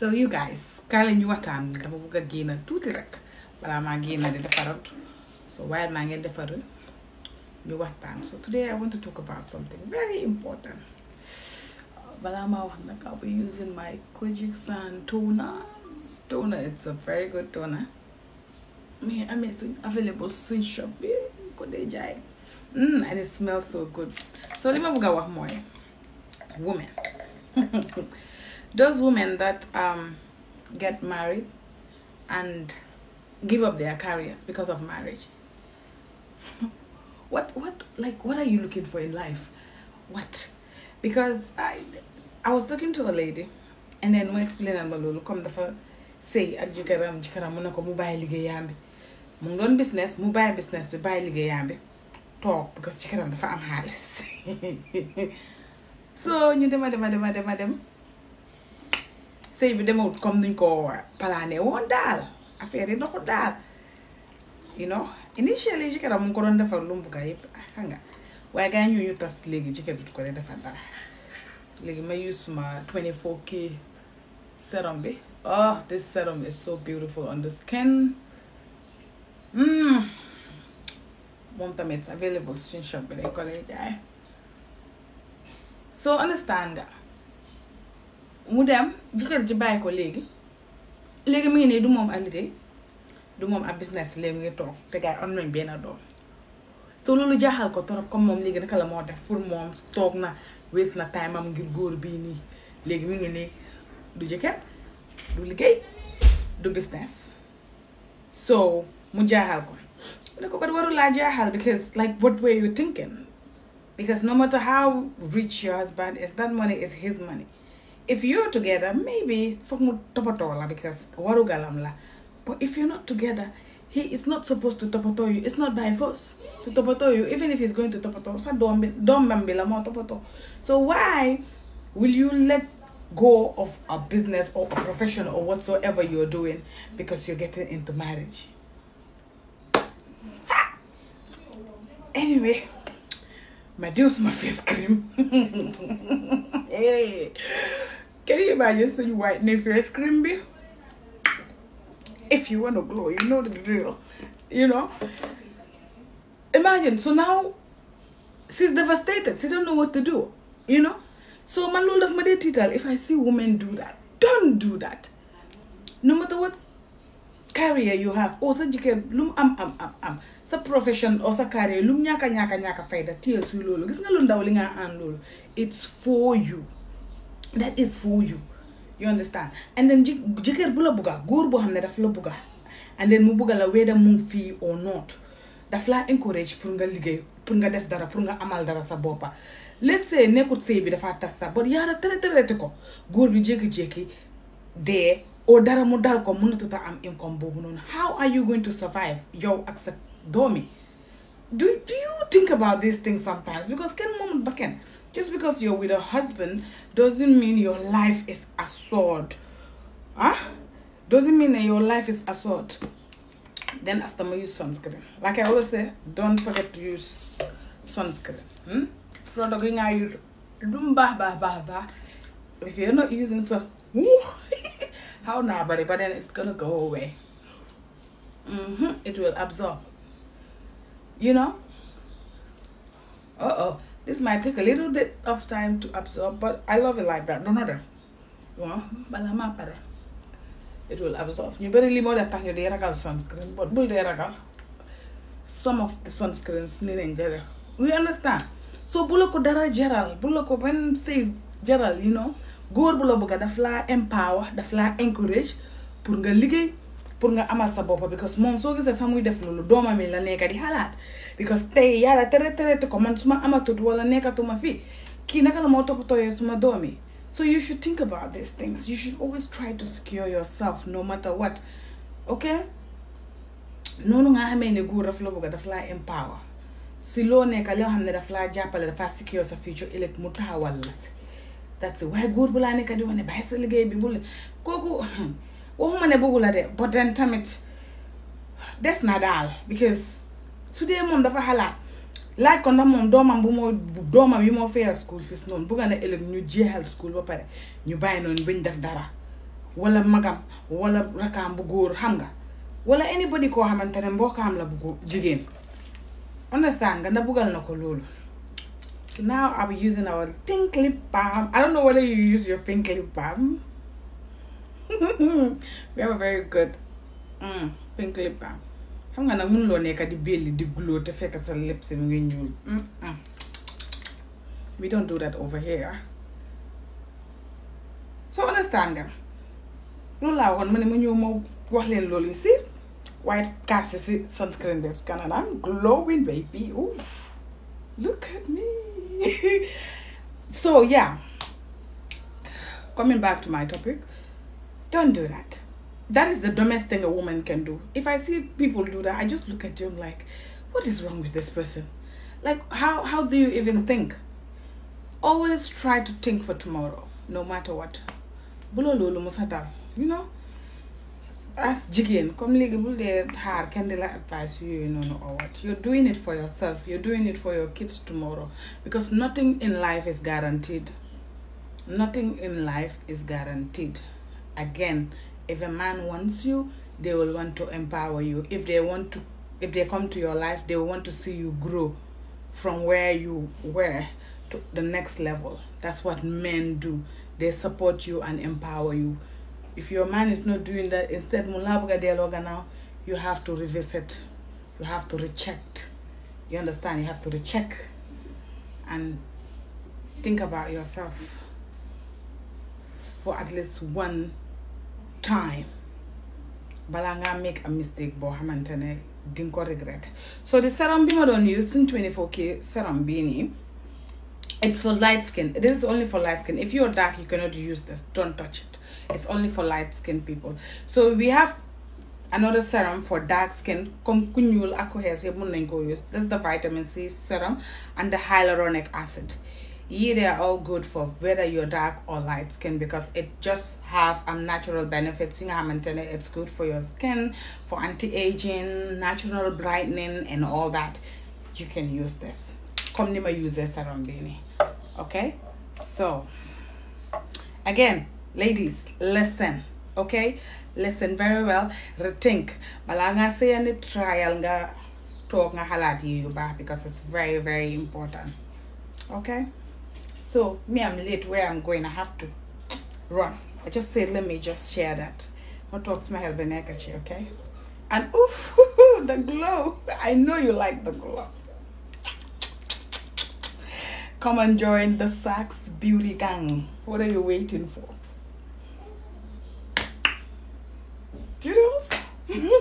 so you guys kaay la ñu waxtaan dama bëgg a génn tuuti rek balaa maa so while maa ngeen defaral ñu so today I want to talk about something very important balaa maa wax I'll be using my Kojic San toner toner it's a very good toner Me, i amee suñ available suñ shop bi ko dee jaay mm, and it smells so good so let me bëgg a wax woman. those women that um, get married and give up their careers because of marriage what what like what are you looking for in life what because i i was talking to a lady and then we explain na lolu comme dafa sey ak jikaram jikaram mu ne ko mu bàyyi liggéeyam bi mu ngi doon business mobile bàyyi business bi bàyyi liggéeyam bi Talk because jikaram dafa am xaalis so ñu dema dema dema dema dem Say bi demewut comme nuñ ko plané woon daal affaire yi doxul daal you know initially jëkkëram mu ngi ko doon defal lu mu bugga yëpp xam nga waaye gaa ñu ñu tas léegi jëkkër bi du ko dee defal dara léegi ma use ma 24k serum bi oh this serum is so beautiful on the skin mm. time it's available soon shop But I ko it jaay so understand that." mu dem jëkkër ji bàyyi ko léegi léegi mu ngi nii du moom ak liggéey du moom ab business léegi mu ngi toog te gars yi am nañ benn doom te loolu jaaxal ko trop comme moom léegi naka la moo def pour moom toog na wees na time am ngir góor bii nii léegi mu ngi nii du jëkkër du liggéey du business so mu jaaxal ko ne ko bat waru laa jaaxal because like what were you thinking because no matter how rich your husband is that money is his money if you're together maybe because warugalamla but if you're not together he is not supposed to topoto you it's not by force to topoto you even if he's going to topoto so why will you let go of a business or a profession or whatsoever you're doing because you're getting into marriage ha! anyway my deus my face cream hey can you imagine such whitening face cream be? If you want to glow, you know the drill. You know? Imagine, so now she's devastated. She don't know what to do. You know? So my lord of my day title, if I see women do that, don't do that. No matter what career you have, or you jike lum am am am am sa profession or sa career lum nyaka nyaka nyaka fayda tears su lolo. Gis nga lu nga an lolo. It's for you that is for you you understand and then jëkkër bu la bugga góor boo daf la and then mu bugga la whether mu fii or not daf laa encourage pour nga prunga pour nga def dara pour nga amal dara sa boppa let's say nekkut sëy bi dafa tas sax but yaara tere terete ko góor bi jékki-jékki dee o dara mu dal ko mënatut am income boobu how are you going to survive yow ak sa do do you think about these things sometimes because ken moomut baken. Just because you're with a husband doesn't mean your life is assured. Huh? Doesn't mean that your life is assured. Then after my use sunscreen. Like I always say, don't forget to use sunscreen. Hmm? the in lumba ba ba ba. If you're not using sun, how now, buddy? But then it's gonna go away. Mm -hmm. It will absorb. You know. Uh oh. this might take a little bit of time to absorb but I love it like that du noonu bon balaa maa pare it will absorb ñu bëri lii moo dee tax ñu dee ragal sunscreen but bul dee ragal some of the sunscreens nii lañ jëlee you understand so bu la ko dara jaral bu la ko benn say jaral you know góor bu la bëgg daf laa empower daf laa encourage pour nga liggéey pour nga amal sa bopp because moom soo gisee sax muy def loolu doomam yi la nekka di xalaat because tey yàlla tere tere ko man su ma amatut wala nekkatuma fii kii naka la moo toppatooyee suma doom yi so you should think about these things you should always try to secure yourself no matter what ok noonu nga xamee ne góor daf la bëgg daf laa empower si loo nekka loo xam ne daf laa jàppale dafa secure sa future ëllëg mu taxawal la that's why waaye góor bu laa nekka di wane bàyyi sa liggéey bi bu la waxuma ne bëggula de but then it. That's not all because today, mom, moom dafa xalaat laaj ko mom moom doomam bu moo doomam yi moo fayal school fees No, bugga i new ñu school ba pare New bàyyi noonu bañ def dara wala magam wala rakam bu hanga. Well, anybody wala anybody and xamante ne mbokkaam la bu góor understand Ganda ndax na ko so now I'll be using our pink lip balm I don't know whether you use your pink lip balm we have a very good mm, pink lip balm xam nga nag mënuloo nekk di belli di glow te fekk sa lip si mu ngi ñuul we don't do that over here so understand nga loolu laa waxoon ma ne ma ñëw ma wax leen loolu white cast si sunscreen bi scan and I'm glowing baby Ooh, look at me so yeah coming back to my topic don't do that. That is the dumbest thing a woman can do. If I see people do that, I just look at them like, what is wrong with this person? Like, how, how do you even think? Always try to think for tomorrow, no matter what. Bulolulu musata, you know? as jigen come legi bul de xaar advice you know or what you're doing it for yourself you're doing it for your kids tomorrow because nothing in life is guaranteed nothing in life is guaranteed again if a man wants you they will want to empower you if they want to if they come to your life they want to see you grow from where you were to the next level that's what men do they support you and empower you if your man is not doing that instead now you have to revisit you have to recheck you understand you have to recheck and think about yourself for at least one time gonna make a mistake boo xamante ne dinga ko regret so the serum bi ma doon use in 24 24k serum bini. it's for light skin it is only for light skin if you're dark you cannot use this don't touch it it's only for light skin people so we have another serum for dark skin comme ku ñuul ak ku use this is the vitamin c serum and the hyaluronic acid yeah they are all good for whether you're dark or light skin because it just have um, natural benefits it's good for your skin for anti-aging natural brightening and all that you can use this come nima use this okay so again ladies listen okay listen very well rethink bala nga say any trial nga talk nga halat you back because it's very very important okay so me, I'm late where I'm going. I have to run. I just said, let me just share that. What talks my helping handkerchief, okay? And oof, the glow. I know you like the glow. Come and join the Saks Beauty Gang. What are you waiting for? Doodles?